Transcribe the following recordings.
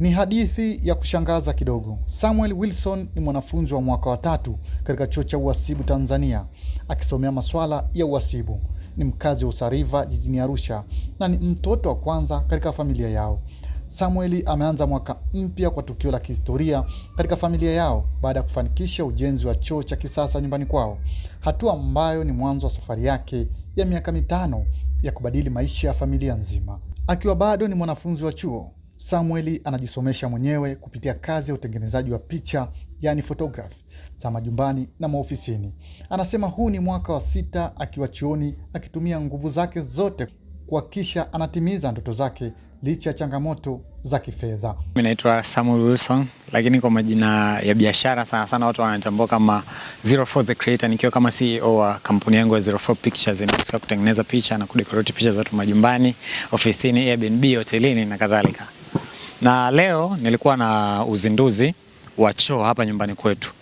Ni hadithi ya kushangaza kidogo. Samuel Wilson ni mwanafunzi wa mwaka wa tatu katika chuo cha uhasibu Tanzania, akisomea masuala ya uhasibu. Ni mkazi wa Usariva jijini Arusha na ni mtoto wa kwanza katika familia yao. Samuel ameanza mwaka mpya kwa tukio la kihistoria katika familia yao baada ya kufanikisha ujenzi wa choo cha kisasa nyumbani kwao, hatua ambayo ni mwanzo wa safari yake ya miaka mitano ya kubadili maisha ya familia nzima. Akiwa bado ni mwanafunzi wa chuo samueli anajisomesha mwenyewe kupitia kazi ya utengenezaji wa picha, yani photography, za majumbani na maofisini. Anasema huu ni mwaka wa sita akiwa chuoni, akitumia nguvu zake zote kuhakikisha anatimiza ndoto zake licha ya changamoto za kifedha. Mimi naitwa Samuel Wilson, lakini kwa majina ya biashara sana sana watu wanatambua kama 04 the creator. Nikiwa kama CEO wa kampuni yangu ya 04 Pictures, inahusika kutengeneza picha na kudekorate picha za watu majumbani, ofisini, Airbnb, hotelini na kadhalika. Na leo nilikuwa na uzinduzi wa choo hapa nyumbani kwetu,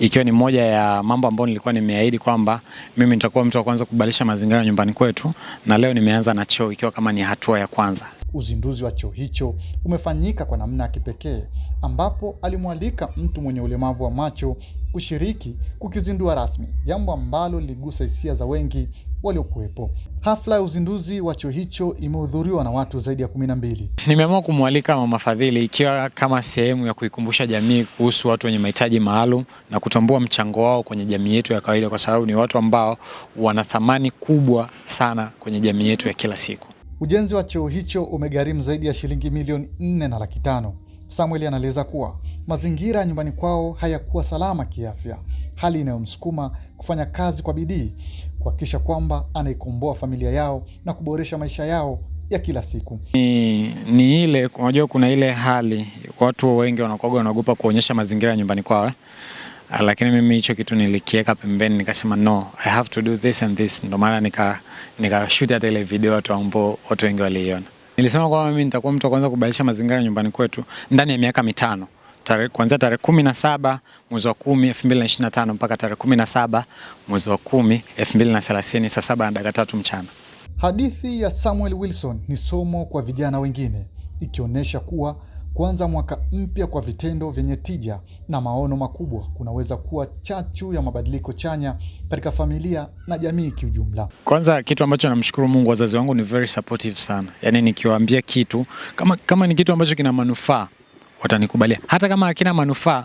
ikiwa ni moja ya mambo ambayo nilikuwa nimeahidi kwamba mimi nitakuwa mtu wa kwanza kubadilisha mazingira nyumbani kwetu, na leo nimeanza na choo ikiwa kama ni hatua ya kwanza. Uzinduzi wa choo hicho umefanyika kwa namna ya kipekee ambapo alimwalika mtu mwenye ulemavu wa macho kushiriki kukizindua rasmi, jambo ambalo liligusa hisia za wengi waliokuwepo. Hafla ya uzinduzi wa chuo hicho imehudhuriwa na watu zaidi ya kumi na mbili. Nimeamua kumwalika Mama Fadhili ikiwa kama sehemu ya kuikumbusha jamii kuhusu watu wenye mahitaji maalum na kutambua mchango wao kwenye jamii yetu ya kawaida, kwa sababu ni watu ambao wana thamani kubwa sana kwenye jamii yetu ya kila siku. Ujenzi wa chuo hicho umegharimu zaidi ya shilingi milioni nne na laki tano. Samuel anaeleza kuwa Mazingira ya nyumbani kwao hayakuwa salama kiafya, hali inayomsukuma kufanya kazi kwa bidii kuhakikisha kwamba anaikomboa familia yao na kuboresha maisha yao ya kila siku. Ni, ni ile unajua, kuna ile hali watu wengi wanakuwaga wanaogopa kuonyesha mazingira ya nyumbani kwao, eh? lakini mimi hicho kitu nilikiweka pembeni, nikasema no, I have to do this and this. ndo maana nika nikashoot hata ile video watu ambao watu wengi waliiona. Nilisema kwamba mimi nitakuwa mtu wa kwanza kubadilisha mazingira ya nyumbani kwetu ndani ya miaka mitano tare, kuanzia tarehe kumi na saba mwezi wa kumi elfu mbili na na tano mpaka tarehe kumi na saba mwezi wa kumi elfu mbili na thelathini saa saba na dakika tatu mchana. Hadithi ya Samuel Wilson ni somo kwa vijana wengine, ikionyesha kuwa kuanza mwaka mpya kwa vitendo vyenye tija na maono makubwa kunaweza kuwa chachu ya mabadiliko chanya katika familia na jamii kiujumla. Kwanza, kitu ambacho namshukuru Mungu, wazazi wangu ni very supportive sana, yaani nikiwaambia kitu kama, kama ni kitu ambacho kina manufaa watanikubalia hata kama hakina manufaa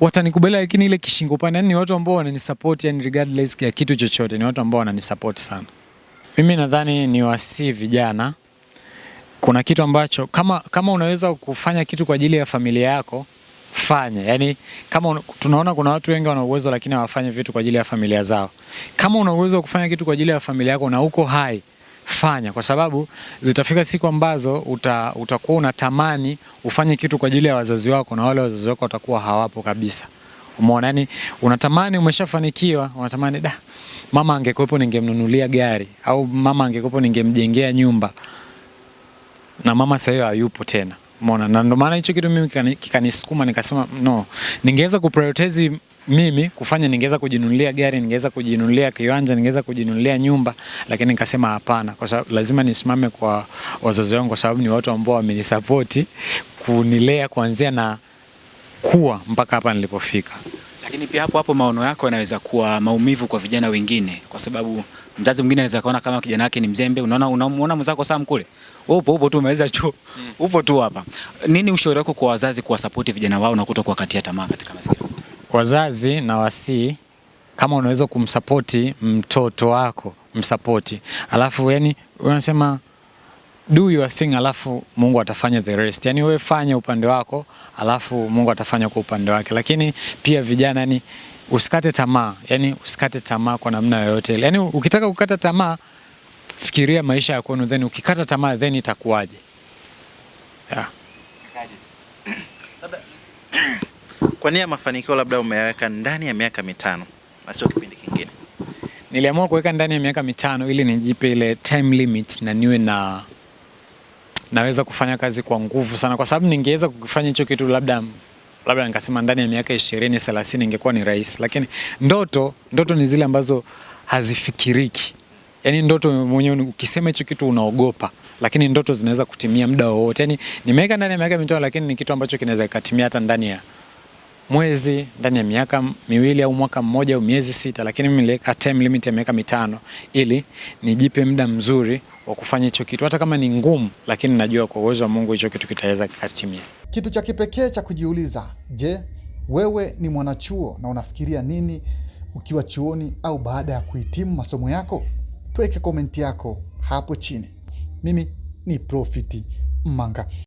watanikubalia, lakini ile kishingo upande, yani ni watu ambao wananisupport, yani regardless ya kitu chochote, ni watu ambao wananisupport sana. Mimi nadhani ni wasi vijana, kuna kitu ambacho kama, kama unaweza kufanya kitu kwa ajili ya familia yako fanya. Yani kama tunaona kuna watu wengi wana uwezo lakini hawafanyi vitu kwa ajili ya familia zao. Kama una uwezo wa kufanya kitu kwa ajili ya familia yako na uko hai kufanya, kwa sababu zitafika siku ambazo uta, utakuwa unatamani ufanye kitu kwa ajili ya wazazi wako na wale wazazi wako watakuwa hawapo kabisa. Umeona, yani unatamani umeshafanikiwa, unatamani da, mama angekuwepo ningemnunulia gari au mama angekuwepo ningemjengea nyumba, na mama sasa hiyo hayupo tena. Umeona, na ndio maana hicho kitu mimi kikanisukuma, nikasema no, ningeweza kuprioritize mimi kufanya, ningeweza kujinunulia gari, ningeweza kujinunulia kiwanja, ningeweza kujinunulia nyumba, lakini nikasema hapana, kwa sababu lazima nisimame kwa wazazi wangu, kwa sababu ni watu ambao wamenisapoti kunilea kuanzia na kuwa mpaka hapa nilipofika. Lakini pia hapo hapo maono yako yanaweza kuwa maumivu kwa vijana wengine, kwa sababu mzazi mwingine anaweza kuona kama kijana wake ni mzembe. Unaona, unamuona mzako Sam kule, upo upo tu umeweza chuo, hmm. upo tu hapa. Nini ushauri wako kwa wazazi kuwasapoti vijana wao na kutokuwakatia tamaa katika mazingira wazazi na wasii, kama unaweza kumsapoti mtoto wako msapoti, alafu yani unasema do your thing, alafu Mungu atafanya the rest. Yani wewe fanya upande wako, alafu Mungu atafanya kwa upande wake. Lakini pia vijana, yani usikate tamaa, yani usikate tamaa kwa namna yoyote ile. Yani ukitaka kukata tamaa, fikiria maisha ya kwenu, then ukikata tamaa, then itakuwaje? yeah. Kwa nia mafanikio labda umeweka ndani ya miaka mitano na sio kipindi kingine. Niliamua kuweka ndani ya miaka mitano ili nijipe ile time limit na niwe na naweza kufanya kazi kwa nguvu sana, kwa sababu ningeweza kukifanya hicho kitu labda labda nikasema ndani ya miaka 20 30, ingekuwa ni rahisi. Lakini ndoto ndoto ni zile ambazo hazifikiriki, yaani ndoto mwenyewe ukisema hicho kitu unaogopa, lakini ndoto zinaweza kutimia muda wowote. Yaani nimeweka ndani ya miaka mitano, lakini ni kitu ambacho kinaweza kikatimia hata ndani ya mwezi ndani ya miaka miwili au mwaka mmoja au miezi sita, lakini mimi niliweka time limit ya miaka mitano ili nijipe muda mzuri wa kufanya hicho kitu, hata kama ni ngumu, lakini najua kwa uwezo wa Mungu hicho kitu kitaweza kikatimia. Kitu cha kipekee cha kujiuliza, je, wewe ni mwanachuo na unafikiria nini ukiwa chuoni au baada ya kuhitimu masomo yako? Tuweke komenti yako hapo chini. Mimi ni Profiti Mmanga.